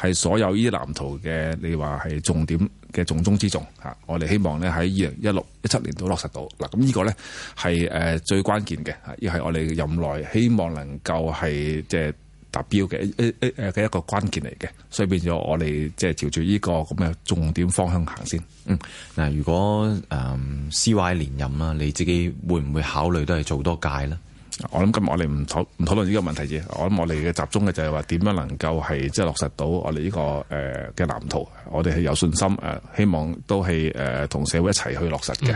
係所有呢啲藍圖嘅，你話係重點。嘅重中之重吓，我哋希望咧喺二零一六一七年都落實到嗱，咁呢個咧係誒最關鍵嘅，亦係我哋任內希望能夠係即係達標嘅誒誒嘅一個關鍵嚟嘅，所以變咗我哋即係朝住呢個咁嘅重點方向行先。嗯，嗱，如果誒 C Y 連任啦，你自己會唔會考慮都係做多屆咧？我諗今日我哋唔討唔討論呢個問題啫。我諗我哋嘅集中嘅就係話點樣能夠係即係落實到我哋呢、這個誒嘅、呃、藍圖，我哋係有信心誒、呃，希望都係誒同社會一齊去落實嘅。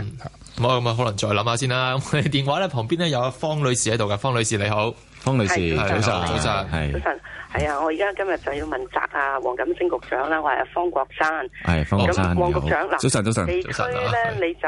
冇咁啊，可能再諗下先啦。我哋電話咧旁邊咧有阿方女士喺度嘅，方女士，你好。方女士，早晨，早晨，早晨，係啊，我而家今日就要問，問責啊黃錦星局長啦，我係阿方國珊。係方國珊。黃局長，早晨，早晨，早晨。你區咧你就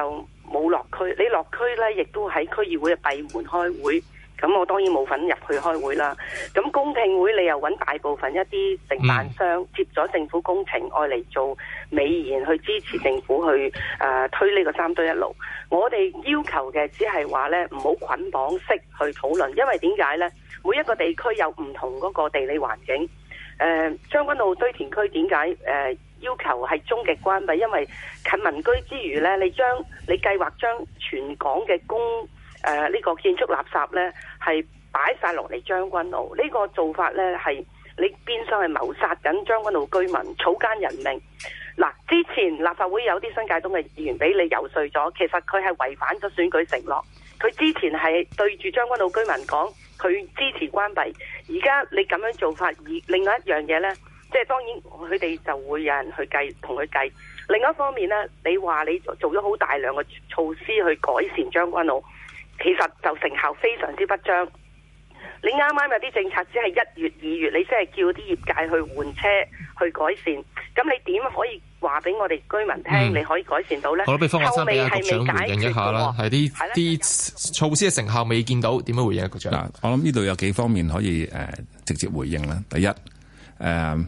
冇落區，你落區咧亦都喺區議會嘅閉門開會。咁我當然冇份入去開會啦。咁公聽會你又揾大部分一啲承辦商接咗政府工程，愛嚟做美言去支持政府去、呃、推呢個三堆一爐。我哋要求嘅只係話呢，唔好捆綁式去討論，因為點解呢？每一個地區有唔同嗰個地理環境。將、呃、軍澳堆填區點解、呃、要求係終極關閉？因為近民居之餘呢，你將你計劃將全港嘅工誒、啊，呢、這個建築垃圾呢，係擺晒落嚟將軍澳，呢、這個做法呢，係你變相係謀殺緊將軍澳居民草菅人命。嗱、啊，之前立法會有啲新界東嘅議員俾你游說咗，其實佢係違反咗選舉承諾。佢之前係對住將軍澳居民講，佢支持關閉。而家你咁樣做法，而另外一樣嘢呢，即、就、係、是、當然佢哋就會有人去計同佢計。另一方面呢，你話你做咗好大量嘅措施去改善將軍澳。其實就成效非常之不彰。你啱啱有啲政策，只係一月、二月，你先係叫啲業界去換車、去改善。咁你點可以話俾我哋居民聽，你可以改善到咧？我俾方岳生俾局長回應一下啦。係啲啲措施嘅成效未見到，點樣回應啊，局長？嗱，我諗呢度有幾方面可以誒、呃、直接回應啦。第一，誒、呃、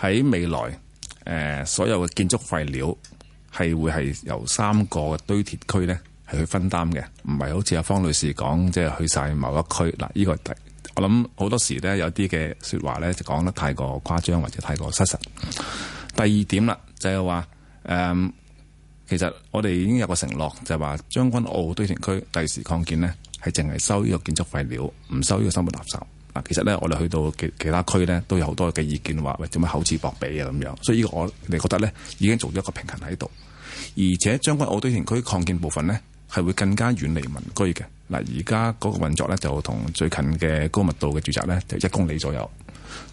喺未來誒、呃、所有嘅建築廢料係會係由三個堆填區咧。去分擔嘅，唔係好似阿方女士講，即係去晒某一區嗱。呢個我諗好多時咧，有啲嘅説話咧就講得太過誇張或者太過失實。第二點啦，就係話誒，其實我哋已經有個承諾，就係話將軍澳堆填區第時擴建呢，係淨係收呢個建築廢料，唔收呢個生活垃圾嗱。其實咧，我哋去到其其他區呢，都有好多嘅意見話，喂，做咩厚此薄彼啊咁樣。所以呢個我哋覺得咧，已經做咗一個平衡喺度，而且將軍澳堆填區擴建部分呢。係會更加遠離民居嘅嗱，而家嗰個運作咧就同最近嘅高密度嘅住宅咧就一公里左右，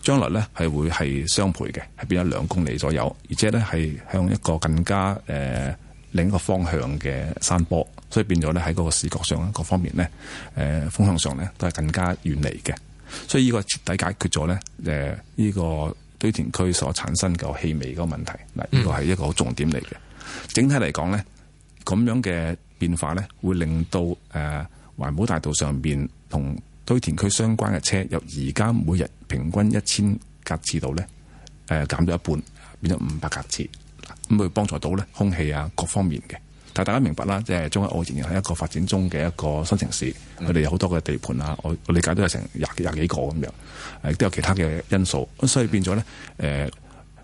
將來咧係會係雙倍嘅，係變咗兩公里左右，而且咧係向一個更加誒、呃、另一個方向嘅山坡，所以變咗咧喺嗰個視覺上各方面咧誒風向上咧都係更加遠離嘅，所以呢個徹底解決咗咧誒呢個堆填區所產生嘅氣味嗰個問題，嗱、這、呢個係一個好重點嚟嘅。整體嚟講咧咁樣嘅。變化咧，會令到誒、呃、環保大道上面同堆填區相關嘅車，由而家每日平均一千格次度咧，誒、呃、減咗一半，變咗五百格次。咁會幫助到咧空氣啊各方面嘅。但大家明白啦，即係將軍澳仍然係一個發展中嘅一個新城市，佢哋有好多嘅地盤啊，我我理解都有成廿廿幾個咁樣，亦、呃、都有其他嘅因素，所以變咗咧誒。呃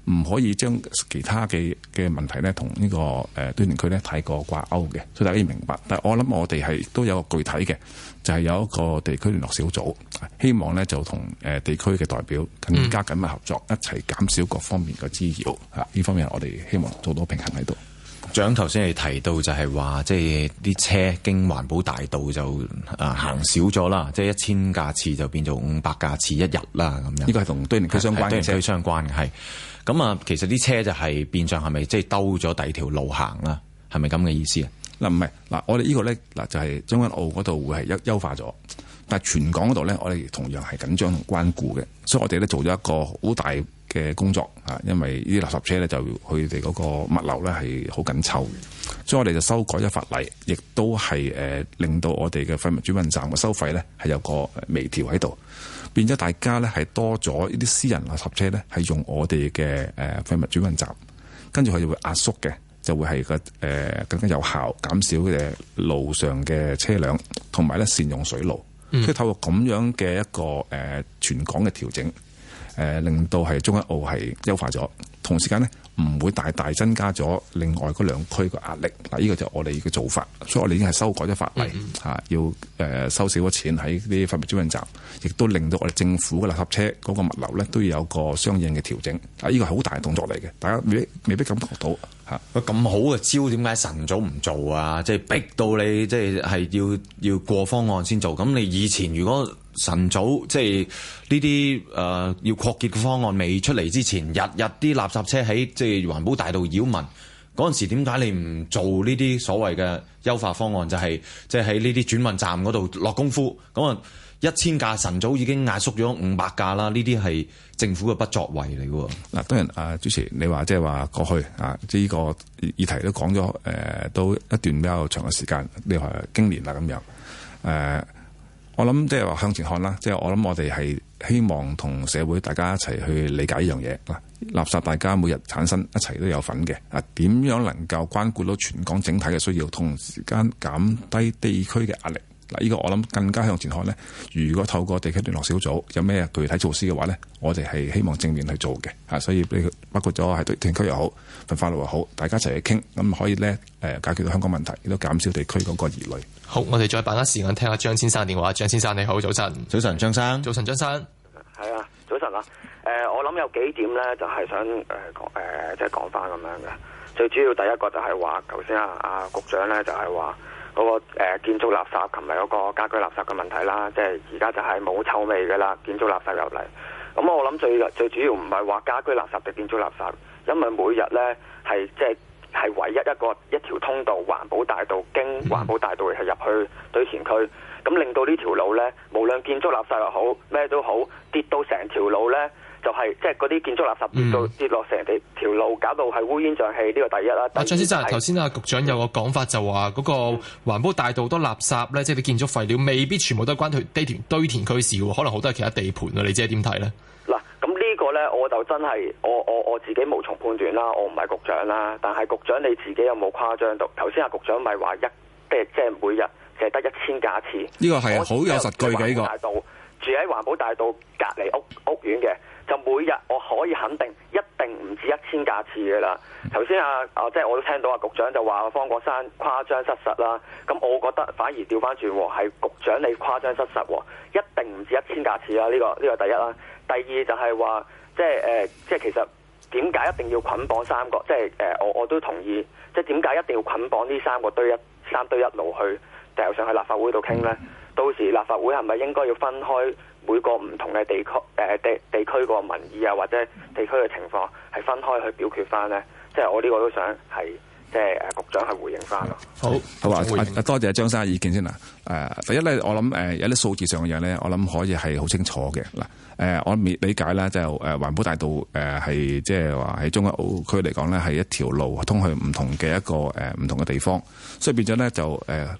唔可以將其他嘅嘅問題咧同呢個誒堆填區咧太過掛鈎嘅，所以大家要明白。但我諗我哋係都有個具體嘅，就係、是、有一個地區聯絡小組，希望咧就同地區嘅代表更加緊密合作，一齊減少各方面嘅滋擾。呢、嗯、方面我哋希望做到平衡喺度。長頭先係提到就係話，即係啲車經環保大道就啊行少咗啦,即係一千架次就變做五百架次一日啦咁樣。呢、這個係同堆填區相關嘅，堆填區相關嘅咁啊，其實啲車就係變相係咪即係兜咗第二條路行啦？係咪咁嘅意思啊？嗱，唔係，嗱我哋呢個咧嗱就係將軍澳嗰度會係優化咗，但係全港嗰度咧，我哋同樣係緊張同關顧嘅，所以我哋咧做咗一個好大嘅工作嚇，因為呢啲垃圾車咧就佢哋嗰個物流咧係好緊湊。所以我哋就修改咗法例，亦都係誒令到我哋嘅廢物轉運站嘅收費咧，係有個微調喺度，變咗大家咧係多咗呢啲私人垃圾車咧，係用我哋嘅誒廢物轉運站，跟住佢就會壓縮嘅，就會係個誒更加有效減少嘅路上嘅車輛，同埋咧善用水路，即、嗯、係透過咁樣嘅一個誒全港嘅調整，誒令到係中一澳係優化咗，同時間咧。唔會大大增加咗另外嗰兩區嘅壓力，嗱呢個就係我哋嘅做法，所以我哋已經係修改咗法例吓，要誒收少咗錢喺啲分別轉運站，亦都令到我哋政府嘅垃圾車嗰個物流咧都要有個相應嘅調整，啊呢個係好大動作嚟嘅，大家未必未必感覺到吓。咁好嘅招，點解晨早唔做啊？即係逼到你，即係係要要過方案先做。咁你以前如果？晨早即係呢啲誒要擴建嘅方案未出嚟之前，日日啲垃圾車喺即係環保大道擾民。嗰陣時點解你唔做呢啲所謂嘅優化方案？就係即係喺呢啲轉運站嗰度落功夫。咁啊，一千架晨早已經壓縮咗五百架啦。呢啲係政府嘅不作為嚟。嗱，當然啊，主持你話即係話過去啊，即係呢個議題都講咗誒，都一段比較長嘅時間，你話經年啦咁樣誒。啊我諗即係話向前看啦，即係我諗我哋係希望同社會大家一齊去理解呢樣嘢。垃圾大家每日產生，一齊都有份嘅。啊，點樣能夠關顧到全港整體嘅需要，同時間減低地區嘅壓力？嗱，呢個我諗更加向前看咧。如果透過地區聯絡小組有咩具體措施嘅話咧，我哋係希望正面去做嘅。啊，所以你包括咗係對地區又好，對法律又好，大家一齊去傾，咁可以咧誒，解決到香港問題，亦都減少地區嗰個疑慮。好，我哋再把握時間聽下張先生電話。張先生你好，早晨。早晨，張生。早晨，張生。係啊，早晨啊。誒、呃，我諗有幾點咧，就係想誒，誒、呃，即係講翻咁樣嘅。最主要第一個就係話，頭先啊，阿、啊、局長咧就係話。嗰、那個、呃、建築垃圾，同埋嗰個家居垃圾嘅問題啦，即係而家就係冇臭味嘅啦，建築垃圾入嚟。咁我諗最最主要唔係話家居垃圾定建築垃圾，因為每日呢係即係唯一一個一條通道，環保大道經環保大道係入去堆填區，咁令到呢條路呢，無論建築垃圾又好咩都好，跌到成條路呢。就係即係嗰啲建築垃圾到跌落成條路，搞到係烏煙瘴氣。呢、這個第一啦、就是啊。張先生頭先阿、就是、局長有個講法、嗯、就話嗰個環保大道多垃圾咧，即係啲建築廢料，未必全部都係關佢堆填區事喎，可能好多係其他地盤啊。你知唔知點睇咧？嗱，咁呢個咧我就真係我我我自己無從判斷啦，我唔係局長啦。但係局長你自己有冇誇張到？頭先阿局長咪話一即係即係每日其實得一千架次。呢、這個係好有實據嘅呢個。大道住喺環保大道，、這個、保大道隔離屋屋苑嘅。就每日我可以肯定，一定唔止一千架次嘅啦。頭先啊，啊，即係我都聽到啊，局長就話方國珊誇張失實啦。咁我覺得反而調翻轉喎，係局長你誇張失實喎，一定唔止一千架次啦呢、呢個呢、呢個第一啦。第二就係話，即係、呃、即係其實點解一定要捆綁，綁三個？即係、呃、我我都同意，即係點解一定要捆綁呢三個堆一三堆一爐去掉、就係、上去立法會度傾呢。Mm -hmm. 到時立法會係咪應該要分開每個唔同嘅地區誒、呃、地地區個民意啊，或者地區嘅情況係分開去表決翻咧？即、就、係、是、我呢個都想係即係誒局長去回應翻咯。好，好啊，多謝張生嘅意見先啊。誒、呃，第一咧，我諗誒、呃、有啲數字上嘅嘢咧，我諗可以係好清楚嘅嗱。誒、呃，我理解咧就誒、呃、環保大道誒係即係話喺將軍澳區嚟講咧，係一條路通去唔同嘅一個誒唔、呃、同嘅地方，所以變咗咧就誒。呃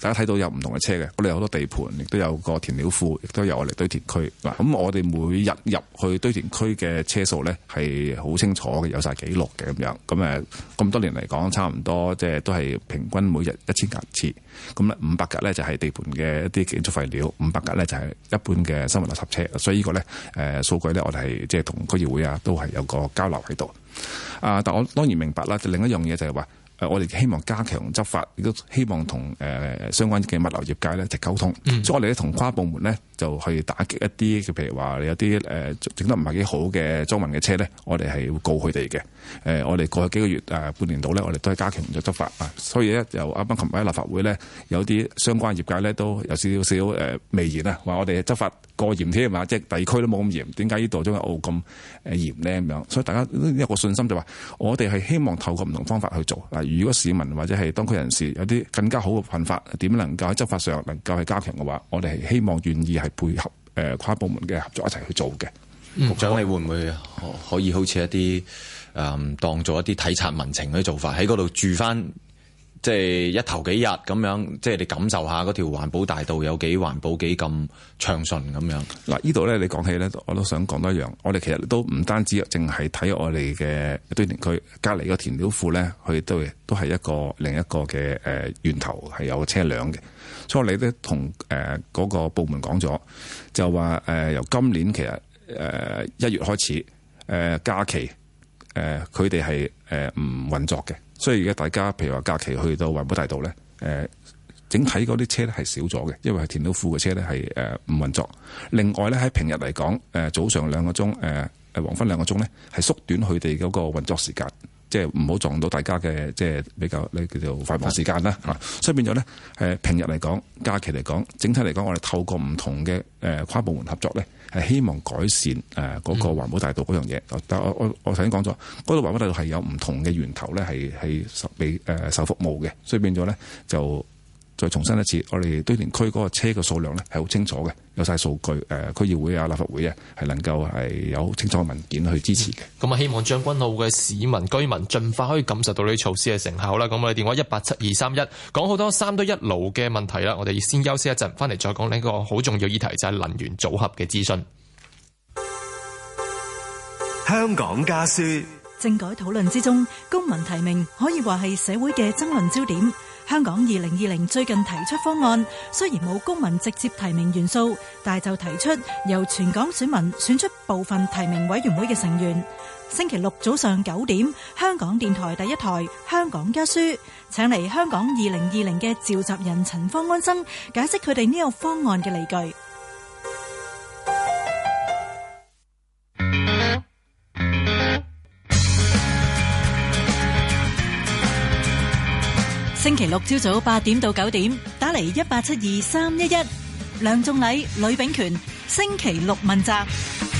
大家睇到有唔同嘅車嘅，我哋好多地盤，亦都有個填料庫，亦都有我哋堆填區。嗱，咁我哋每日入去堆填區嘅車數呢，係好清楚嘅，有晒記錄嘅咁樣。咁誒，咁多年嚟講，差唔多即係都係平均每日一千架次。咁呢五百架呢，就係地盤嘅一啲建築廢料，五百架呢，就係一般嘅生活垃圾車。所以呢個呢，誒數據呢，我哋係即係同區議會啊，都係有個交流喺度。啊，但我當然明白啦，就另一樣嘢就係話。誒，我哋希望加強執法，亦都希望同誒相關嘅物流業界咧一齊溝通、嗯，所以我哋咧同跨部門咧。就去打擊一啲，譬如話你有啲誒整得唔係幾好嘅裝運嘅車呢，我哋係會告佢哋嘅。誒、呃，我哋過去幾個月誒、呃、半年度呢，我哋都係加強咗執法啊。所以呢，由啱啱琴晚喺立法會呢，有啲相關業界呢都有少少誒微言啊，話我哋執法過嚴添，係即係地區都冇咁嚴，點解呢度將有澳咁誒嚴呢？咁樣？所以大家一個信心就話、是，我哋係希望透過唔同方法去做嗱。如果市民或者係當區人士有啲更加好嘅辦法，點能夠喺執法上能夠去加強嘅話，我哋係希望願意配合誒、呃、跨部門嘅合作一齊去做嘅，局、嗯、長，你會唔會可以好似一啲誒當做一啲體察民情嗰啲做法喺嗰度住翻？即係一頭幾日咁樣，即係你感受下嗰條環保大道有幾環保幾咁暢順咁樣。嗱，呢度咧你講起咧，我都想講多一樣。我哋其實都唔單止淨係睇我哋嘅堆填區隔離個填料庫咧，佢都都係一個另一個嘅誒源頭係有車輛嘅。所以你咧同誒嗰個部門講咗，就話誒由今年其實誒一月開始誒假期誒佢哋係誒唔運作嘅。所以而家大家譬如話假期去到環保大道咧，誒整體嗰啲車咧係少咗嘅，因為係填到庫嘅車咧係誒唔運作。另外咧喺平日嚟講誒早上兩個鐘誒誒黃昏兩個鐘咧係縮短佢哋嗰個運作時間。即係唔好撞到大家嘅即係比較呢叫做繁忙時間啦，啊，所以變咗咧誒平日嚟講、假期嚟講、整體嚟講，我哋透過唔同嘅誒跨部門合作咧，係希望改善誒嗰個環保大道嗰樣嘢。但我我我頭先講咗，嗰度環保大道係有唔同嘅源頭咧，係係受俾誒、呃、受服務嘅，所以變咗咧就。再重申一次，我哋堆填區嗰個車嘅數量咧係好清楚嘅，有晒數據。誒，區議會啊、立法會啊，係能夠係有清楚嘅文件去支持嘅。咁、嗯、啊，希望將軍澳嘅市民居民盡快可以感受到呢啲措施嘅成效啦。咁我哋電話一八七二三一，講好多三堆一爐嘅問題啦。我哋先休息一陣，翻嚟再講呢個好重要議題，就係、是、能源組合嘅諮詢。香港家書，政改討論之中，公民提名可以話係社會嘅爭論焦點。香港2020最近提出方案，雖然冇公民直接提名元素，但就提出由全港選民選出部分提名委員會嘅成員。星期六早上九點，香港電台第一台《香港家書》請嚟香港2020嘅召集人陳方安生解釋佢哋呢個方案嘅理據。星期六朝早八點到九點，打嚟一八七二三一一，梁仲禮、呂炳權，星期六問責。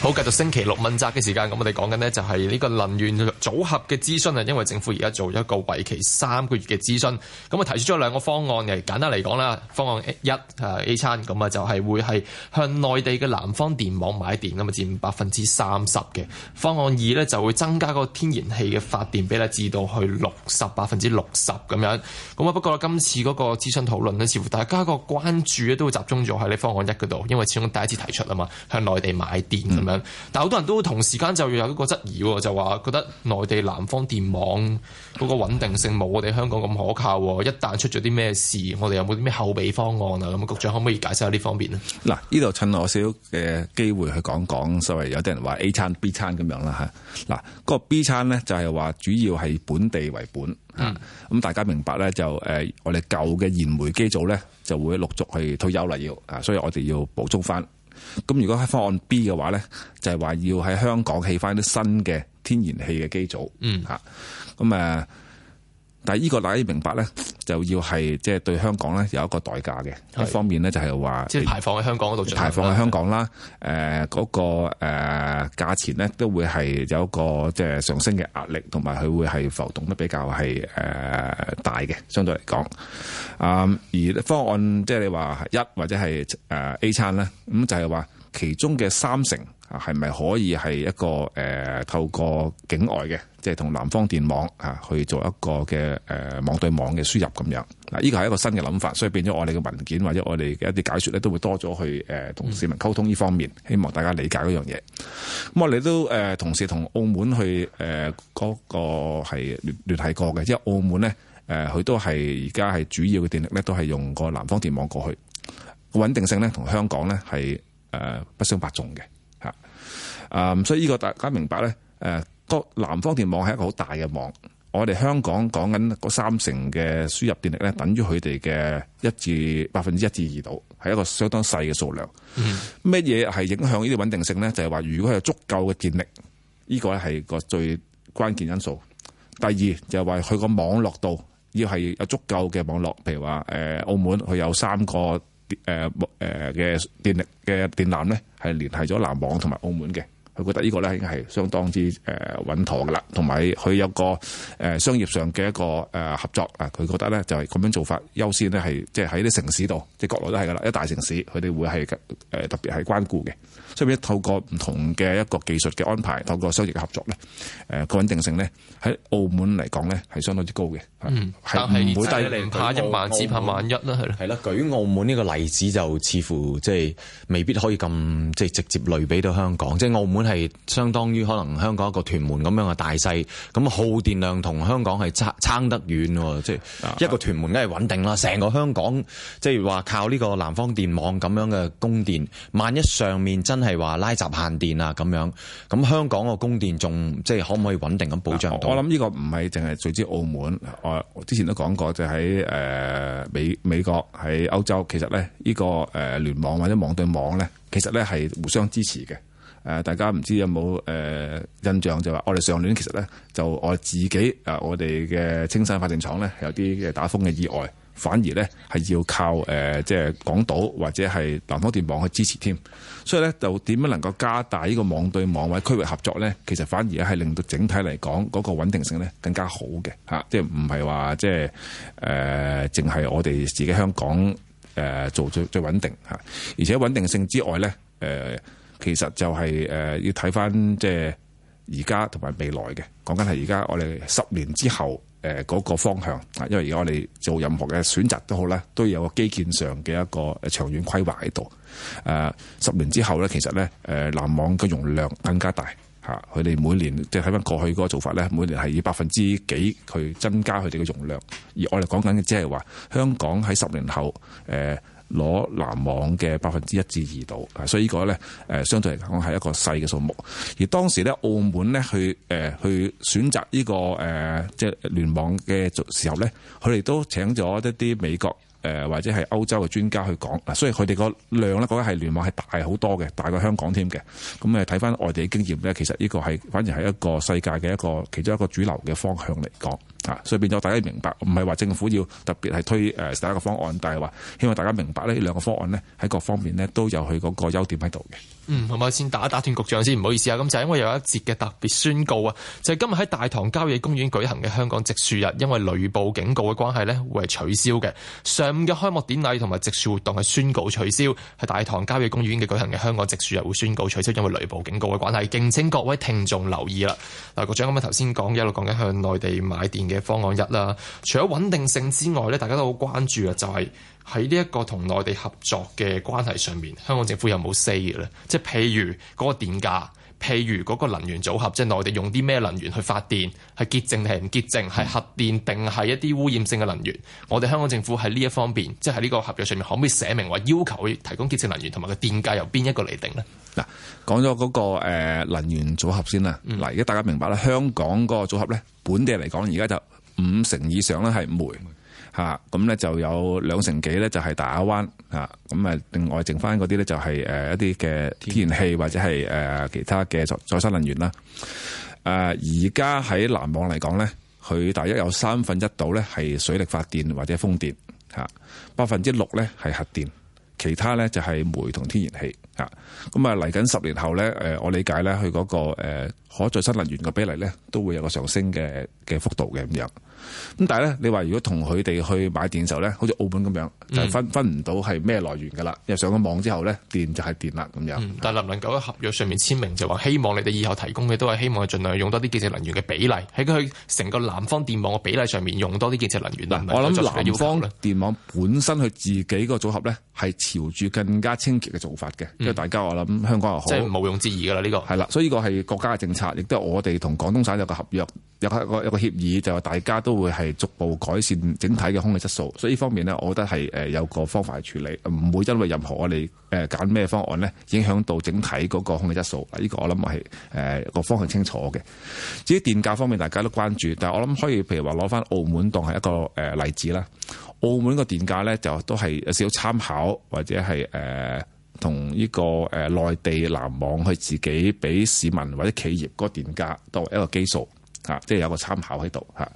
好，繼續星期六問責嘅時間，咁我哋講緊呢就係呢個能源組合嘅諮詢啊，因為政府而家做一個為期三個月嘅諮詢，咁啊提出咗兩個方案嘅。簡單嚟講啦，方案一誒 A 餐，咁啊就係會係向內地嘅南方電網買電，咁啊佔百分之三十嘅。方案二呢就會增加嗰個天然氣嘅發電比例，至到去六十百分之六十咁樣。咁啊不過今次嗰個諮詢討論呢，似乎大家個關注咧都會集中咗喺呢方案一嗰度，因為始終第一次提出啊嘛，向內地買電咁樣。嗯。但好多人都同時間就要有一個質疑，就話覺得內地南方電網嗰個穩定性冇我哋香港咁可靠。一旦出咗啲咩事，我哋有冇啲咩後備方案啊？咁局長可唔可以解釋下呢方面呢？嗱，呢度趁我少嘅機會去講講，所謂有啲人話 A 餐 B 餐咁樣啦吓。嗱、嗰，個 B 餐呢，就係話主要係本地為本。咁、嗯、大家明白咧就誒，我哋舊嘅燃煤機組咧就會陸續去退休啦，要啊，所以我哋要補充翻。咁如果喺方案 B 嘅話咧，就係話要喺香港起翻啲新嘅天然氣嘅機組，嗯，吓、嗯，咁誒。但係呢個大家要明白咧，就要係即係對香港咧有一個代價嘅，一方面咧，就係話即係排放喺香港度，排放喺香港啦。誒、呃、嗰個誒、呃、價錢咧都會係有一個即係上升嘅壓力，同埋佢會係浮動得比較係誒、呃、大嘅相對嚟講。啊、呃，而方案即係你話一或者係誒 A 餐咧，咁就係話其中嘅三成。啊，係咪可以係一個誒透過境外嘅，即係同南方電網啊去做一個嘅誒網對網嘅輸入咁樣？嗱，依個係一個新嘅諗法，所以變咗我哋嘅文件或者我哋嘅一啲解說咧，都會多咗去誒同市民溝通呢方面，希望大家理解嗰樣嘢。咁我哋都誒同時同澳門去誒嗰個係聯聯繫過嘅，即係澳門呢，誒佢都係而家係主要嘅電力呢都係用個南方電網過去，穩定性呢同香港呢，係誒不相伯仲嘅。啊，um，所以呢個大家明白咧，誒，南南方電網係一個好大嘅網，我哋香港講緊嗰三成嘅輸入電力咧，等於佢哋嘅一至百分之一至二度，係一個相當細嘅數量。乜嘢係影響呢啲穩定性咧？就係話如果有足夠嘅電力，呢個咧係個最關鍵因素。第二就係話佢個網絡度要係有足夠嘅網絡，譬如話誒澳門佢有三個誒誒嘅電力嘅電纜咧，係聯繫咗南網同埋澳門嘅。佢覺得呢個咧已經係相當之誒穩妥噶啦，同埋佢有，他有一個誒商業上嘅一個誒合作啊，佢覺得咧就係咁樣做法，優先咧係即係喺啲城市度，即係國內都係噶啦，一大城市佢哋會係誒特別係關顧嘅。即係透過唔同嘅一個技術嘅安排，透過商業嘅合作咧，誒個穩定性咧喺澳門嚟講咧係相當之高嘅，係、嗯、唔會太零怕一萬，只怕萬一啦，係咯。係啦，舉澳門呢個例子就似乎即係未必可以咁即係直接類比到香港，即係澳門係相當於可能香港一個屯門咁樣嘅大細，咁耗電量同香港係差差得遠喎，即係一個屯門梗係穩定啦，成、uh -huh. 個香港即係話靠呢個南方電網咁樣嘅供電，萬一上面真係係話拉閘限電啊，咁樣，咁香港個供電仲，即係可唔可以穩定咁保障到？我諗呢個唔係淨係最之澳門，我之前都講過就，就喺誒美美國喺歐洲，其實咧呢個誒聯網或者網對網咧，其實咧係互相支持嘅。誒，大家唔知有冇誒印象就話我哋上年其實咧就我自己啊，我哋嘅青山發電廠咧有啲嘅打風嘅意外。反而咧係要靠誒即係港島或者係南方電網去支持添，所以咧就點樣能夠加大呢個網對網位區域合作咧？其實反而係令到整體嚟講嗰個穩定性咧更加好嘅嚇，即係唔係話即係誒淨係我哋自己香港誒做最最穩定嚇，而且穩定性之外咧誒，其實就係誒要睇翻即係而家同埋未來嘅，講緊係而家我哋十年之後。誒、呃、嗰、那個方向啊，因為而家我哋做任何嘅選擇都好咧，都有個基建上嘅一個長遠規劃喺度。誒、呃、十年之後咧，其實咧誒南網嘅容量更加大吓，佢、啊、哋每年即係睇返過去嗰個做法咧，每年係以百分之幾去增加佢哋嘅容量，而我哋講緊嘅即係話香港喺十年後誒。呃攞南網嘅百分之一至二度，所以呢個咧誒相對嚟講係一個細嘅數目。而當時咧澳門咧去誒去選擇呢個誒即聯網嘅時候咧，佢哋都請咗一啲美國，誒或者係歐洲嘅專家去講，嗱，所以佢哋個量咧，覺得係聯網係大好多嘅，大過香港添嘅。咁誒睇返外地經驗呢，其實呢個係反而係一個世界嘅一個其中一個主流嘅方向嚟講，啊，所以變咗大家明白，唔係話政府要特別係推誒第一個方案，但係話希望大家明白呢兩個方案呢，喺各方面咧都有佢嗰個優點喺度嘅。嗯，好咪先打一打斷局長先，唔好意思啊。咁就係、因為有一節嘅特別宣告啊，就係、係、今日喺大棠郊野公園舉行嘅香港植樹日，因為雷暴警告嘅關係呢，會係取消嘅。上午嘅開幕典禮同埋植樹活動係宣告取消，係大棠郊野公園嘅舉行嘅香港植樹日會宣告取消，因為雷暴警告嘅關係。敬請各位聽眾留意啦。嗱，局長咁啊，頭先講一路講緊向內地買電嘅方案一啦，除咗穩定性之外呢，大家都好關注啊，就係、係。喺呢一個同內地合作嘅關係上面，香港政府有冇 say 嘅咧？即係譬如嗰個電價，譬如嗰個能源組合，即係內地用啲咩能源去發電，係潔淨定唔潔淨，係核電定係一啲污染性嘅能源？我哋香港政府喺呢一方面，即係喺呢個合約上面，可唔可以寫明話要求佢提供潔淨能源，同埋個電價由邊一個嚟定咧？嗱，講咗嗰個誒能源組合先啦。嗱，而家大家明白啦，香港嗰個組合咧，本地嚟講而家就五成以上咧係煤。啊，咁咧就有兩成幾咧就係大亞灣，咁啊另外剩翻嗰啲咧就係誒一啲嘅天然氣或者係誒其他嘅再生能源啦。誒而家喺南網嚟講咧，佢大約有三分一度咧係水力發電或者風電，嚇百分之六咧係核電，其他咧就係煤同天然氣。咁啊嚟緊十年後咧，誒，我理解咧，佢嗰個誒可再生能源嘅比例咧，都會有個上升嘅嘅幅度嘅咁樣。咁但係咧，你話如果同佢哋去買電嘅時候咧，好似澳門咁樣，就是、分分唔到係咩來源噶啦。因為上咗網之後咧，電就係電啦咁樣。嗯、但係能唔能夠喺合約上面簽名就話，希望你哋以後提供嘅都係希望盡量用多啲潔淨能源嘅比例，喺佢成個南方電網嘅比例上面用多啲潔淨能源啦。我諗南方電網本身佢自己個組合咧係朝住更加清潔嘅做法嘅。嗯大家我諗香港又好，即係毋庸置疑，噶啦呢個係啦，所以呢個係國家嘅政策，亦都係我哋同廣東省有個合約，有個有個協議，就話、是、大家都會係逐步改善整體嘅空氣質素。所以呢方面呢，我覺得係誒有個方法去處理，唔會因為任何我哋誒揀咩方案呢，影響到整體嗰個空氣質素。呢、這個我諗係誒個方向清楚嘅。至於電價方面，大家都關注，但係我諗可以，譬如話攞翻澳門當係一個誒例子啦。澳門個電價呢，就都係有少少參考或者係誒。呃同呢個誒內地南網去自己俾市民或者企業個電價當一個基數即係有個參考喺度咁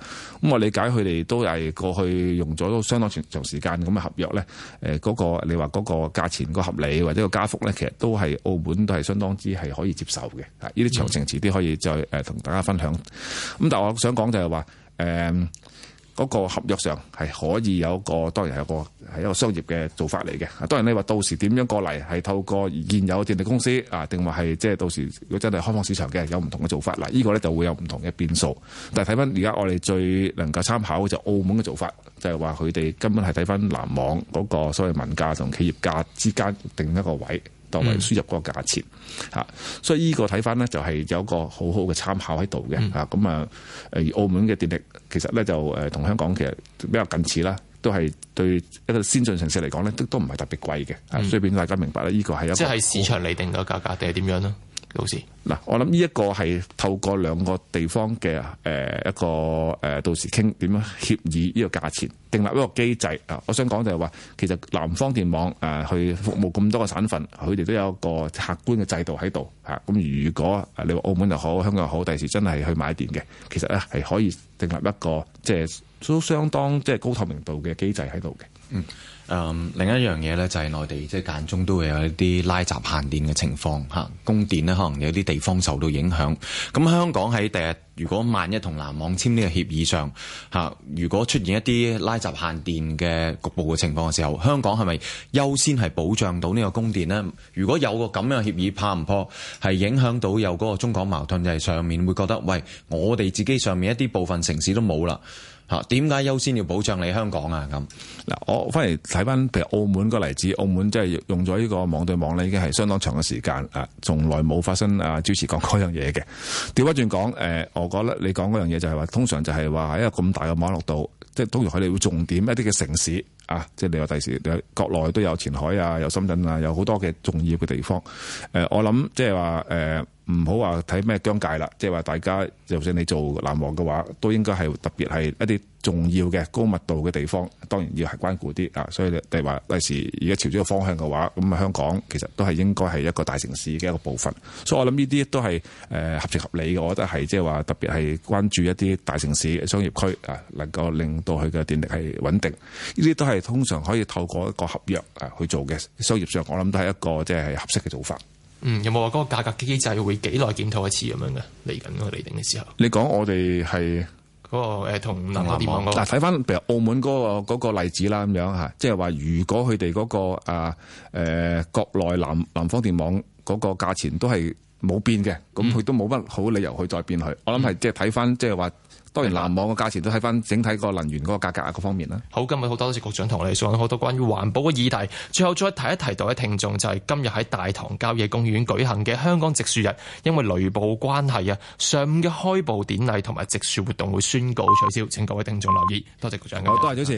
我理解佢哋都係過去用咗都相當長長時間咁嘅合約咧。誒、那個，嗰個你話嗰個價錢個合理或者個加幅咧，其實都係澳門都係相當之係可以接受嘅。呢啲詳情遲啲、嗯、可以再誒同大家分享。咁但係我想講就係、是、話、嗯嗰、那個合約上係可以有一個，當然係一個係一個商業嘅做法嚟嘅。當然你話到時點樣過嚟，係透過現有電力公司啊，定話係即係到時如果真係開放市場嘅，有唔同嘅做法。嗱、啊，這個、呢個咧就會有唔同嘅變數。但係睇翻而家我哋最能夠參考就澳門嘅做法，就係話佢哋根本係睇翻南網嗰個所謂民價同企業價之間定一個位，當作為輸入嗰個價錢、嗯、所以呢個睇翻呢，就係、是、有一個好好嘅參考喺度嘅。咁啊，而澳門嘅電力。其實咧就誒同香港其實比較近似啦，都係對一個先進城市嚟講咧，都都唔係特別貴嘅，所、嗯、以俾大家明白啦，呢個係一個即係市場嚟定嘅價格定係點樣呢？老師，嗱，我諗呢一個係透過兩個地方嘅誒一個誒，到時傾點樣協議呢個價錢，訂立一個機制啊。我想講就係話，其實南方電網誒去服務咁多個省份，佢哋都有一個客觀嘅制度喺度吓。咁如果你話澳門又好，香港又好，第時真係去買電嘅，其實咧係可以訂立一個即係都相當即係高透明度嘅機制喺度嘅。嗯誒、嗯、另一樣嘢呢，就係、是、內地即係間中都會有一啲拉閘限電嘅情況吓，供電呢可能有啲地方受到影響。咁香港喺第日，如果萬一同南網簽呢個協議上吓，如果出現一啲拉閘限電嘅局部嘅情況嘅時候，香港係咪優先係保障到呢個供電呢？如果有個咁樣嘅協議怕唔破，係影響到有嗰個中港矛盾，就係、是、上面會覺得喂，我哋自己上面一啲部分城市都冇啦。點解優先要保障你香港啊？咁嗱，我翻嚟睇翻譬如澳門個例子，澳門即係用咗呢個網對網咧，已經係相當長嘅時間啊，從來冇發生啊主持講嗰樣嘢嘅。調翻轉講，誒我覺得你講嗰樣嘢就係話，通常就係話喺一個咁大嘅網絡度，即係通常佢哋會重點一啲嘅城市啊，即係你話第時，你國內都有前海啊，有深圳啊，有好多嘅重要嘅地方。誒，我諗即係話誒。唔好話睇咩疆界啦，即係話大家，就算你做南王嘅話，都應該係特別係一啲重要嘅高密度嘅地方，當然要係關顧啲啊。所以，例如話第時而家朝住個方向嘅話，咁啊香港其實都係應該係一個大城市嘅一個部分。所以我諗呢啲都係誒合情合理嘅。我覺得係即係話特別係關注一啲大城市商業區啊，能夠令到佢嘅電力係穩定。呢啲都係通常可以透過一個合約啊去做嘅。商業上，我諗都係一個即係合適嘅做法。嗯，有冇話嗰個價格機制會幾耐檢討一次咁樣嘅？嚟緊我嚟定嘅時候，你講我哋係嗰個誒同、呃、南方電網嗱、那個，睇翻譬如澳門嗰、那個、那個例子啦，咁樣吓，即係話如果佢哋嗰個啊誒、呃、國內南南方電網嗰個價錢都係冇變嘅，咁、嗯、佢都冇乜好理由去再變去。我諗係即係睇翻即係話。嗯當然，藍網嘅價錢都睇翻整體個能源嗰個價格啊，各方面啦。好，今日好多謝局長同我哋講咗好多關於環保嘅議題。最後再提一提各位聽眾，就係今日喺大棠郊野公園舉行嘅香港植樹日，因為雷暴關係啊，上午嘅開步典禮同埋植樹活動會宣告取消，請各位聽眾留意。多謝局長。好，多謝主持。